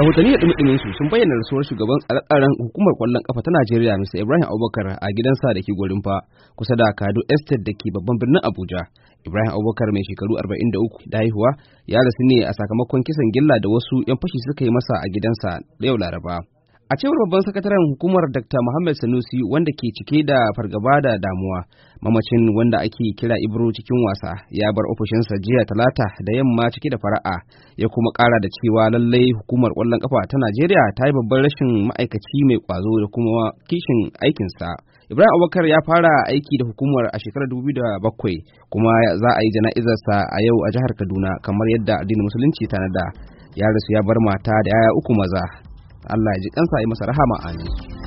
rahotanni da dumdumin su sun bayyana rasuwar shugaban tsare-tsaren hukumar kwallon kafa ta Najeriya Mr. Ibrahim Abubakar a gidansa da ke fa kusa da Kado Estate da ke babban birnin Abuja. Ibrahim Abubakar mai shekaru 43 da haihuwa ya rasu ne a sakamakon kisan gilla da wasu 'yan fashi suka yi masa a gidansa da yau Laraba. A cewar babban sakataren hukumar Dr. Muhammad Sanusi wanda ke cike da fargaba da damuwa, mamacin wanda ake kira Ibro cikin wasa ya bar ofishinsa jiya talata da yamma cike da fara'a ya kuma kara da cewa lallai hukumar kwallon kafa ta Najeriya ta yi babban rashin ma'aikaci mai kwazo da kuma kishin aikinsa. Ibrahim Abubakar ya fara aiki da hukumar a shekarar bakwai, kuma za a yi jana'izarsa a yau a jihar Kaduna kamar yadda addinin musulunci tanada. Ya rasu ya bar mata da yaya uku maza. Allah ya ji kansa yi masa rahama amin